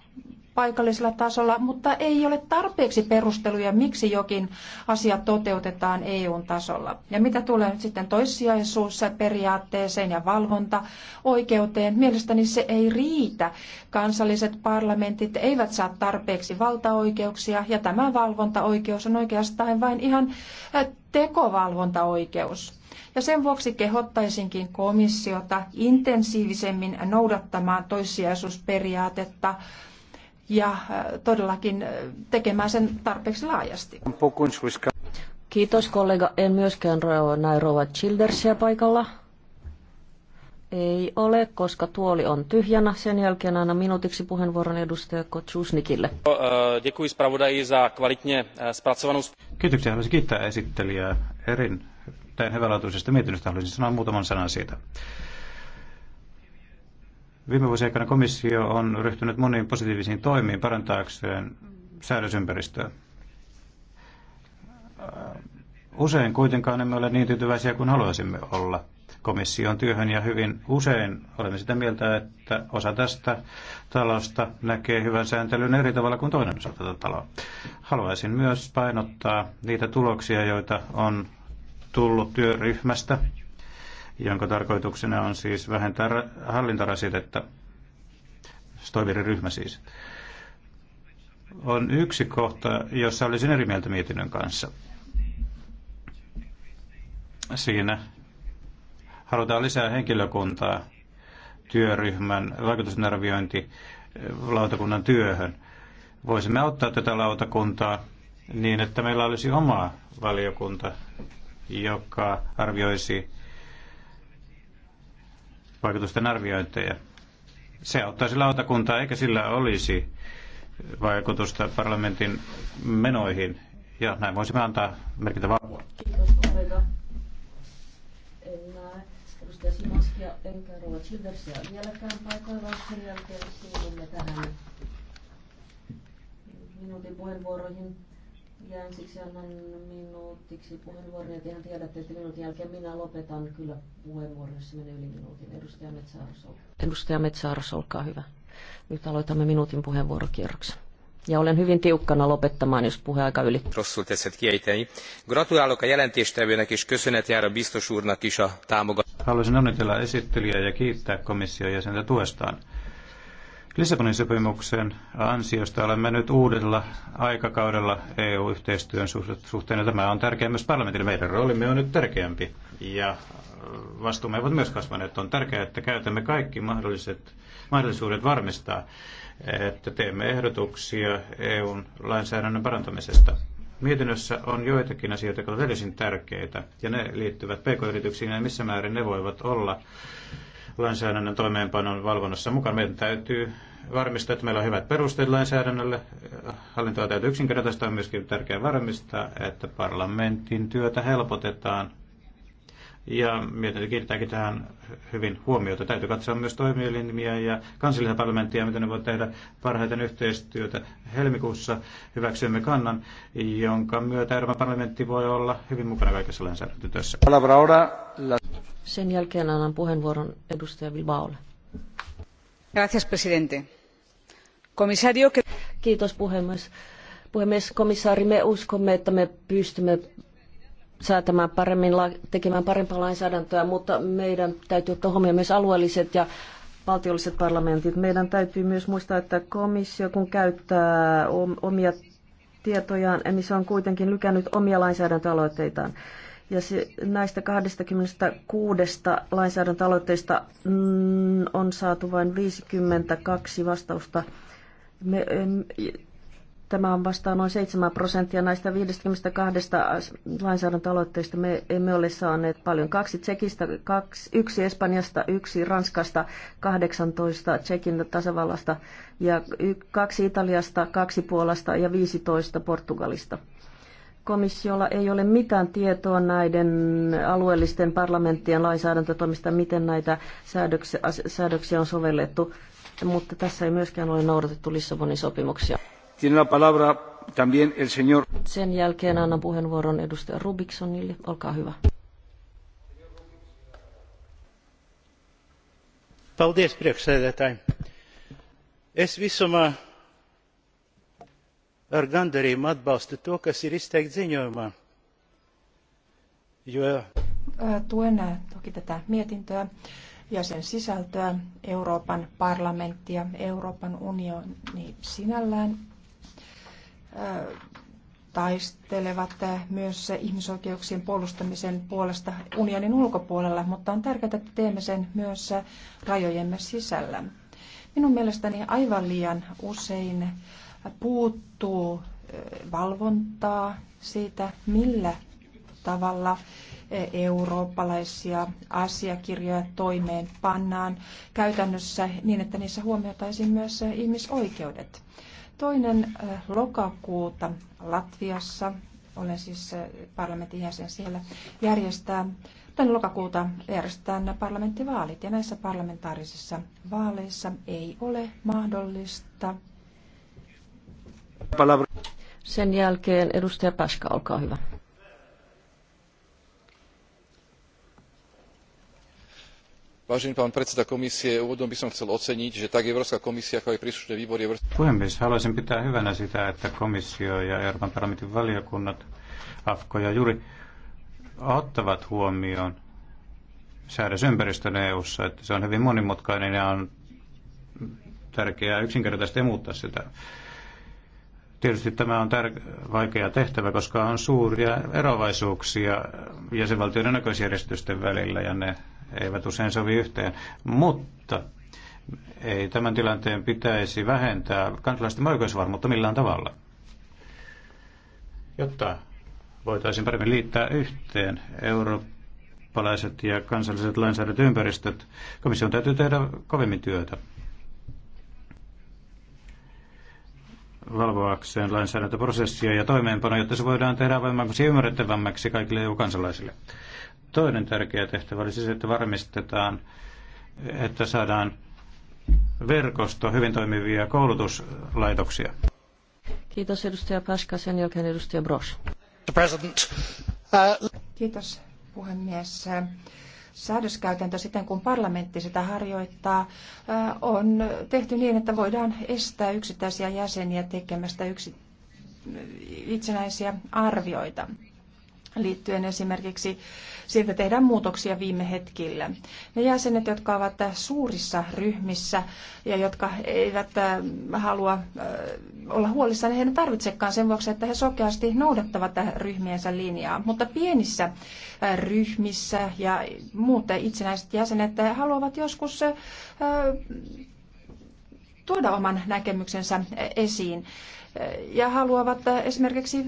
paikallisella tasolla, mutta ei ole tarpeeksi perusteluja, miksi jokin asia toteutetaan EUn tasolla. Ja mitä tulee nyt sitten toissijaisuusperiaatteeseen ja valvonta oikeuteen, mielestäni se ei riitä. Kansalliset parlamentit eivät saa tarpeeksi valtaoikeuksia ja tämä valvontaoikeus on oikeastaan vain ihan tekovalvontaoikeus. Ja sen vuoksi kehottaisinkin komissiota intensiivisemmin noudattamaan toissijaisuusperiaatetta ja äh, todellakin äh, tekemään sen tarpeeksi laajasti. Kiitos kollega. En myöskään näin Rova Childersia paikalla. Ei ole, koska tuoli on tyhjänä. Sen jälkeen aina minuutiksi puheenvuoron edustaja Kotsusnikille. E, Kiitoksia. Haluaisin kiittää esittelijää erin erittäin hyvälaatuisesta mietinnöstä. Haluaisin sanoa muutaman sanan siitä. Viime vuosien aikana komissio on ryhtynyt moniin positiivisiin toimiin parantaakseen säädösympäristöä. Usein kuitenkaan emme ole niin tyytyväisiä kuin haluaisimme olla komission työhön ja hyvin usein olemme sitä mieltä, että osa tästä talosta näkee hyvän sääntelyn eri tavalla kuin toinen osa tätä taloa. Haluaisin myös painottaa niitä tuloksia, joita on tullut työryhmästä jonka tarkoituksena on siis vähentää hallintorasitetta. ryhmä siis. On yksi kohta, jossa olisin eri mieltä mietinnön kanssa. Siinä halutaan lisää henkilökuntaa työryhmän vaikutusarviointi eh, lautakunnan työhön. Voisimme auttaa tätä lautakuntaa niin, että meillä olisi oma valiokunta, joka arvioisi vaikutusten arviointeja. Se auttaisi lautakuntaa, eikä sillä olisi vaikutusta parlamentin menoihin, ja näin voisimme antaa merkittävää apua. Kiitos, kollega. En näe edustaja Simaskia enkä Rova Childersia vieläkään paikoilla. Sen jälkeen siirrymme tähän minuutin puheenvuoroihin. Jään siksi annan minuutiksi puheenvuoron, ja ihan tiedätte, että minuutin jälkeen minä lopetan kyllä puheenvuoron, jos se menee yli minuutin. Edustaja Metsaaros, Edustaja Metsaaros, olkaa hyvä. Nyt aloitamme minuutin puheenvuorokierroksen. Ja olen hyvin tiukkana lopettamaan, jos puheaika yli. Rosszul teszed kiejteni. Gratulálok a jelentéstevőnek és köszönet jár a biztos úrnak is a támogat. Haluaisin onnitella esittelijää ja kiittää komission jäsentä tuestaan. Lissabonin sopimuksen ansiosta olemme nyt uudella aikakaudella EU-yhteistyön suhteen, ja tämä on tärkeä myös parlamentille. Meidän roolimme on nyt tärkeämpi, ja äh, vastuumme ovat myös kasvaneet. On tärkeää, että käytämme kaikki mahdolliset, mahdollisuudet varmistaa, että teemme ehdotuksia EUn lainsäädännön parantamisesta. Mietinnössä on joitakin asioita, jotka ovat tärkeitä, ja ne liittyvät pk-yrityksiin ja missä määrin ne voivat olla lainsäädännön toimeenpanon valvonnassa mukaan. Meidän täytyy varmistaa, että meillä on hyvät perusteet lainsäädännölle. Hallintoa täytyy yksinkertaistaa. On myöskin tärkeää varmistaa, että parlamentin työtä helpotetaan. Ja mietin, kiinnittääkin tähän hyvin huomiota. Täytyy katsoa myös toimielimiä ja kansallisia parlamenttia, miten ne voivat tehdä parhaiten yhteistyötä. Helmikuussa hyväksymme kannan, jonka myötä Euroopan parlamentti voi olla hyvin mukana kaikessa lainsäädäntötyössä. Sen jälkeen annan puheenvuoron edustaja Bilbaolle. Gracias, presidente. Komisario, Kiitos puhemies. Puhemies, komissaari, me uskomme, että me pystymme säätämään paremmin, tekemään parempaa lainsäädäntöä, mutta meidän täytyy ottaa huomioon myös alueelliset ja valtiolliset parlamentit. Meidän täytyy myös muistaa, että komissio, kun käyttää omia tietojaan, niin se on kuitenkin lykännyt omia lainsäädäntöaloitteitaan. Ja se, näistä 26 lainsäädäntöaloitteista mm, on saatu vain 52 vastausta. Me, em, tämä on vastaan noin 7 prosenttia näistä 52 lainsäädäntöaloitteista. Me emme ole saaneet paljon. Kaksi Tsekistä, kaksi, yksi Espanjasta, yksi Ranskasta, 18 Tsekin tasavallasta ja y, kaksi Italiasta, kaksi Puolasta ja 15 Portugalista komissiolla ei ole mitään tietoa näiden alueellisten parlamenttien lainsäädäntötoimista, miten näitä säädöksiä, säädöksiä on sovellettu, mutta tässä ei myöskään ole noudatettu Lissabonin sopimuksia. Sen jälkeen annan puheenvuoron edustaja Rubiksonille. Olkaa hyvä. Paldies, priekšsēdētāji. Es visumā ar gandarījumu atbalsta to, kas ir izteikts ziņojumā. Jo... Tuen toki tätä mietintöä ja sen sisältöä Euroopan parlamenttia, Euroopan unioni sinällään taistelevat myös ihmisoikeuksien puolustamisen puolesta unionin ulkopuolella, mutta on tärkeää, että teemme sen myös rajojemme sisällä. Minun mielestäni aivan liian usein puuttuu valvontaa siitä, millä tavalla eurooppalaisia asiakirjoja toimeen pannaan käytännössä niin, että niissä huomioitaisiin myös ihmisoikeudet. Toinen lokakuuta Latviassa, olen siis parlamentin jäsen siellä, järjestää Tänä lokakuuta järjestetään parlamenttivaalit ja näissä parlamentaarisissa vaaleissa ei ole mahdollista sen jälkeen edustaja Paska, olkaa hyvä. vážený pán predseda komisie úvodom by som chcel oceniť že tak európska komisia ako aj príslušné výbory Puhemies, haluaisin pitää hyvänä sitä, että komissio ja Euroopan parlamentin valiokunnat, AFKO ja Juri, ottavat huomioon säädösympäristön EU-ssa, että se on hyvin monimutkainen ja on tärkeää yksinkertaisesti muuttaa sitä. Tietysti tämä on tär- vaikea tehtävä, koska on suuria erovaisuuksia jäsenvaltioiden näköisjärjestysten välillä ja ne eivät usein sovi yhteen. Mutta ei tämän tilanteen pitäisi vähentää kansalaisten oikeusvarmuutta millään tavalla, jotta voitaisiin paremmin liittää yhteen eurooppalaiset ja kansalliset lainsäädäntöympäristöt. Komission täytyy tehdä kovemmin työtä. valvoakseen lainsäädäntöprosessia ja toimeenpanoa, jotta se voidaan tehdä avoimemmaksi ja ymmärrettävämmäksi kaikille EU-kansalaisille. Toinen tärkeä tehtävä oli se, siis, että varmistetaan, että saadaan verkosto hyvin toimivia koulutuslaitoksia. Kiitos edustaja Paska, sen jälkeen edustaja Brosch. Uh, Kiitos puhemies säädöskäytäntö siten, kun parlamentti sitä harjoittaa, on tehty niin, että voidaan estää yksittäisiä jäseniä tekemästä yksi, itsenäisiä arvioita liittyen esimerkiksi siitä tehdään muutoksia viime hetkillä. Ne jäsenet, jotka ovat suurissa ryhmissä ja jotka eivät äh, halua äh, olla huolissaan, heidän tarvitsekaan sen vuoksi, että he sokeasti noudattavat ryhmiensä linjaa. Mutta pienissä äh, ryhmissä ja muut itsenäiset jäsenet haluavat joskus tuoda oman näkemyksensä esiin ja haluavat esimerkiksi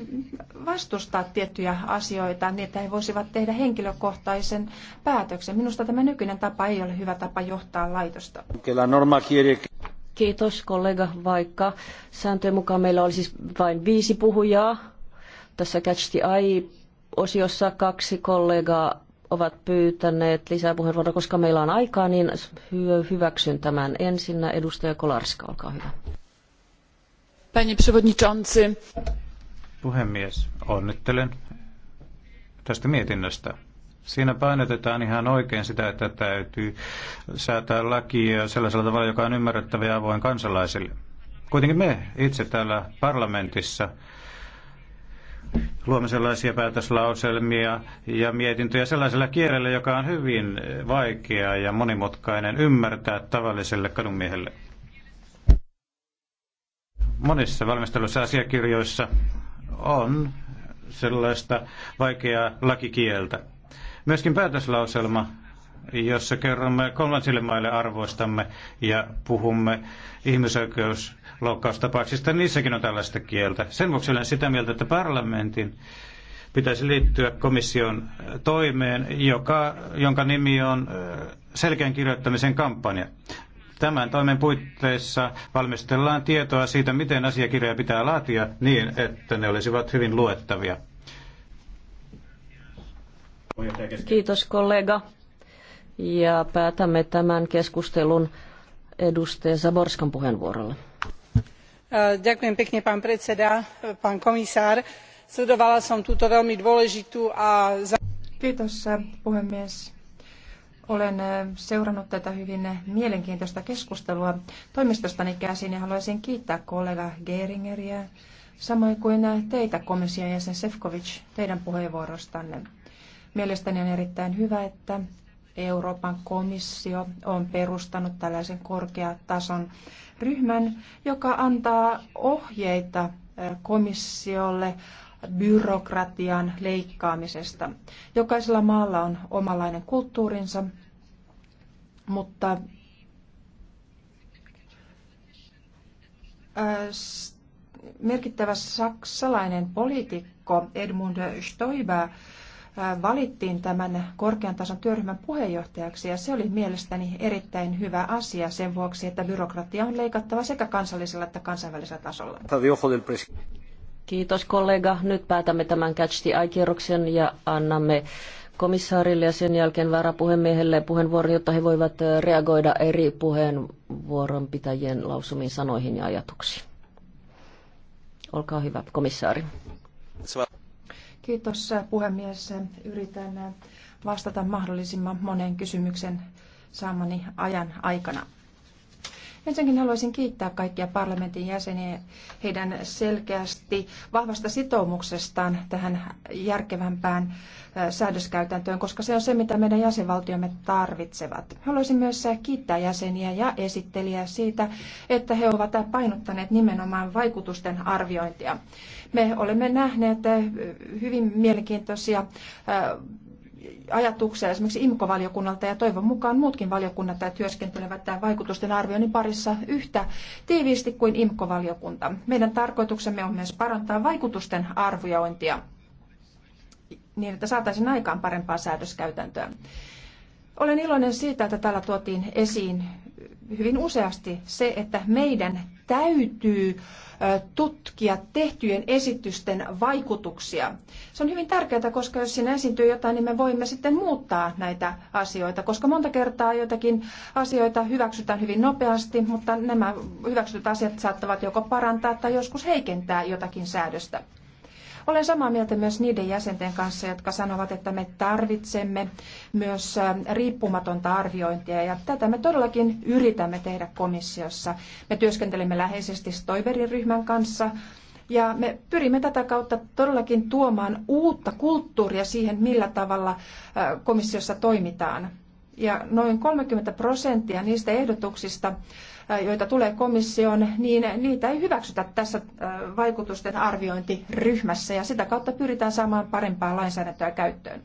vastustaa tiettyjä asioita niin, että he voisivat tehdä henkilökohtaisen päätöksen. Minusta tämä nykyinen tapa ei ole hyvä tapa johtaa laitosta. Kiitos kollega, vaikka sääntöjen mukaan meillä oli siis vain viisi puhujaa. Tässä Catch the Eye-osiossa kaksi kollegaa ovat pyytäneet lisää puheenvuoroa, koska meillä on aikaa, niin hyväksyn tämän ensinnä. Edustaja Kolarska, olkaa hyvä. Panie przewodniczący. Puhemies, onnittelen tästä mietinnöstä. Siinä painotetaan ihan oikein sitä, että täytyy säätää lakia sellaisella tavalla, joka on ymmärrettävä ja avoin kansalaisille. Kuitenkin me itse täällä parlamentissa luomme sellaisia päätöslauselmia ja mietintöjä sellaisella kielellä, joka on hyvin vaikea ja monimutkainen ymmärtää tavalliselle kadunmiehelle. Monissa valmistelussa asiakirjoissa on sellaista vaikeaa lakikieltä. Myöskin päätöslauselma, jossa kerromme kolmansille maille arvoistamme ja puhumme ihmisoikeusloukkaustapauksista, niissäkin on tällaista kieltä. Sen vuoksi olen sitä mieltä, että parlamentin pitäisi liittyä komission toimeen, joka, jonka nimi on selkeän kirjoittamisen kampanja. Tämän toimen puitteissa valmistellaan tietoa siitä, miten asiakirjoja pitää laatia niin, että ne olisivat hyvin luettavia. Kiitos kollega. Ja päätämme tämän keskustelun edustaja Zaborskan puheenvuorolla. Ďakujem pekne, pán predseda, pán komisár. Sledovala som túto veľmi dôležitú a... Kiitos, puhemies olen seurannut tätä hyvin mielenkiintoista keskustelua toimistostani käsin ja haluaisin kiittää kollega Geringeriä, samoin kuin teitä komission jäsen Sefkovic teidän puheenvuorostanne. Mielestäni on erittäin hyvä, että Euroopan komissio on perustanut tällaisen korkeatason ryhmän, joka antaa ohjeita komissiolle byrokratian leikkaamisesta. Jokaisella maalla on omalainen kulttuurinsa, mutta äh, merkittävä saksalainen poliitikko Edmund Stoiber äh, valittiin tämän korkean tason työryhmän puheenjohtajaksi ja se oli mielestäni erittäin hyvä asia sen vuoksi, että byrokratia on leikattava sekä kansallisella että kansainvälisellä tasolla. Kiitos kollega. Nyt päätämme tämän Catch the Eye-kierroksen ja annamme komissaarille ja sen jälkeen varapuhemiehelle puheenvuoron, jotta he voivat reagoida eri puheenvuoron pitäjien lausumiin sanoihin ja ajatuksiin. Olkaa hyvä, komissaari. Kiitos puhemies. Yritän vastata mahdollisimman monen kysymyksen saamani ajan aikana. Ensinnäkin haluaisin kiittää kaikkia parlamentin jäseniä heidän selkeästi vahvasta sitoumuksestaan tähän järkevämpään säädöskäytäntöön, koska se on se, mitä meidän jäsenvaltiomme tarvitsevat. Haluaisin myös kiittää jäseniä ja esittelijää siitä, että he ovat painottaneet nimenomaan vaikutusten arviointia. Me olemme nähneet hyvin mielenkiintoisia ajatuksia esimerkiksi IMKO-valiokunnalta ja toivon mukaan muutkin valiokunnat tai työskentelevät tämän vaikutusten arvioinnin parissa yhtä tiiviisti kuin IMKO-valiokunta. Meidän tarkoituksemme on myös parantaa vaikutusten arviointia niin, että saataisiin aikaan parempaa säädöskäytäntöä. Olen iloinen siitä, että täällä tuotiin esiin hyvin useasti se, että meidän täytyy tutkia tehtyjen esitysten vaikutuksia. Se on hyvin tärkeää, koska jos siinä esiintyy jotain, niin me voimme sitten muuttaa näitä asioita, koska monta kertaa joitakin asioita hyväksytään hyvin nopeasti, mutta nämä hyväksytyt asiat saattavat joko parantaa tai joskus heikentää jotakin säädöstä. Olen samaa mieltä myös niiden jäsenten kanssa, jotka sanovat, että me tarvitsemme myös riippumatonta arviointia. Ja tätä me todellakin yritämme tehdä komissiossa. Me työskentelemme läheisesti Stoiberin ryhmän kanssa. Ja me pyrimme tätä kautta todellakin tuomaan uutta kulttuuria siihen, millä tavalla komissiossa toimitaan. Ja noin 30 prosenttia niistä ehdotuksista, joita tulee komissioon, niin niitä ei hyväksytä tässä vaikutusten arviointiryhmässä ja sitä kautta pyritään saamaan parempaa lainsäädäntöä käyttöön.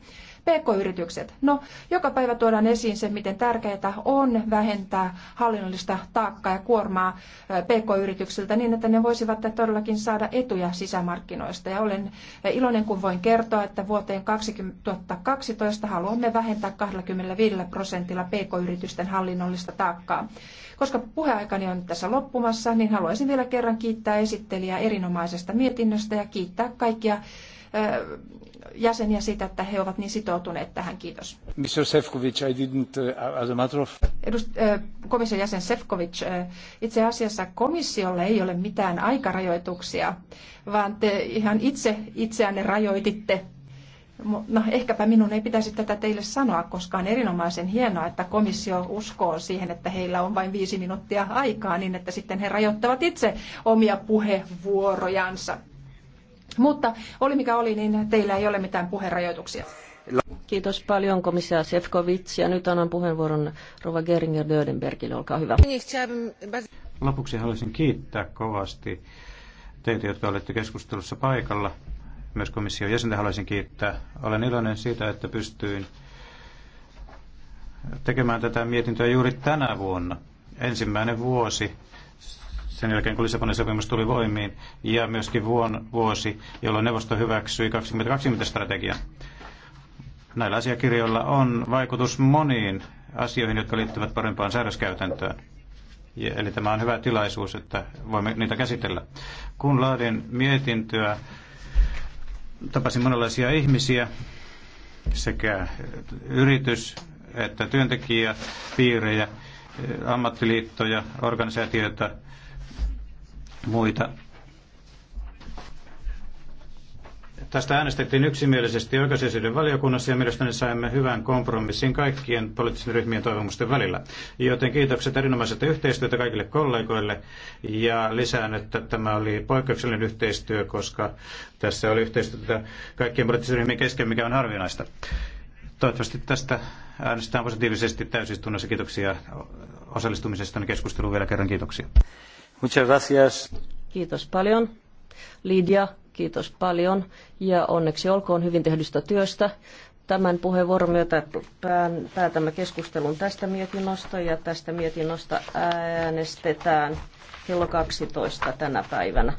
PK-yritykset. No, joka päivä tuodaan esiin se, miten tärkeää on vähentää hallinnollista taakkaa ja kuormaa PK-yrityksiltä niin, että ne voisivat todellakin saada etuja sisämarkkinoista. Ja olen iloinen, kun voin kertoa, että vuoteen 2012 haluamme vähentää 25 prosentilla PK-yritysten hallinnollista taakkaa. Koska puheaikani on tässä loppumassa, niin haluaisin vielä kerran kiittää esittelijää erinomaisesta mietinnöstä ja kiittää kaikkia jäseniä siitä, että he ovat niin sitoutuneet tähän. Kiitos. Mr. Sefcovic, I didn't, uh, as a matter of... Edust, komission jäsen Sefcovic, itse asiassa komissiolle ei ole mitään aikarajoituksia, vaan te ihan itse itseänne rajoititte No ehkäpä minun ei pitäisi tätä teille sanoa, koska on erinomaisen hienoa, että komissio uskoo siihen, että heillä on vain viisi minuuttia aikaa, niin että sitten he rajoittavat itse omia puheenvuorojansa. Mutta oli mikä oli, niin teillä ei ole mitään puheenrajoituksia. Kiitos paljon komissaari Sefcovic ja nyt annan puheenvuoron Rova Geringer Dödenbergille, olkaa hyvä. Lopuksi haluaisin kiittää kovasti teitä, jotka olette keskustelussa paikalla. Myös komission jäsentä haluaisin kiittää. Olen iloinen siitä, että pystyin tekemään tätä mietintöä juuri tänä vuonna. Ensimmäinen vuosi sen jälkeen, kun Lissabonin sopimus tuli voimiin, ja myöskin vuon, vuosi, jolloin neuvosto hyväksyi 2020 strategia Näillä asiakirjoilla on vaikutus moniin asioihin, jotka liittyvät parempaan säädöskäytäntöön. Eli tämä on hyvä tilaisuus, että voimme niitä käsitellä. Kun laadin mietintöä, tapasin monenlaisia ihmisiä, sekä yritys- että työntekijäpiirejä, ammattiliittoja, organisaatioita, muita. Tästä äänestettiin yksimielisesti oikeusasioiden valiokunnassa ja mielestäni saimme hyvän kompromissin kaikkien poliittisten ryhmien toivomusten välillä. Joten kiitokset erinomaisesta yhteistyötä kaikille kollegoille ja lisään, että tämä oli poikkeuksellinen yhteistyö, koska tässä oli yhteistyötä kaikkien poliittisten ryhmien kesken, mikä on harvinaista. Toivottavasti tästä äänestetään positiivisesti täysistunnossa. Kiitoksia osallistumisesta keskusteluun vielä kerran. Kiitoksia. Muchas gracias. Kiitos paljon. Lidia, kiitos paljon ja onneksi olkoon hyvin tehdystä työstä. Tämän puheenvuoron myötä päätämme keskustelun tästä mietinnöstä ja tästä mietinnöstä äänestetään kello 12 tänä päivänä.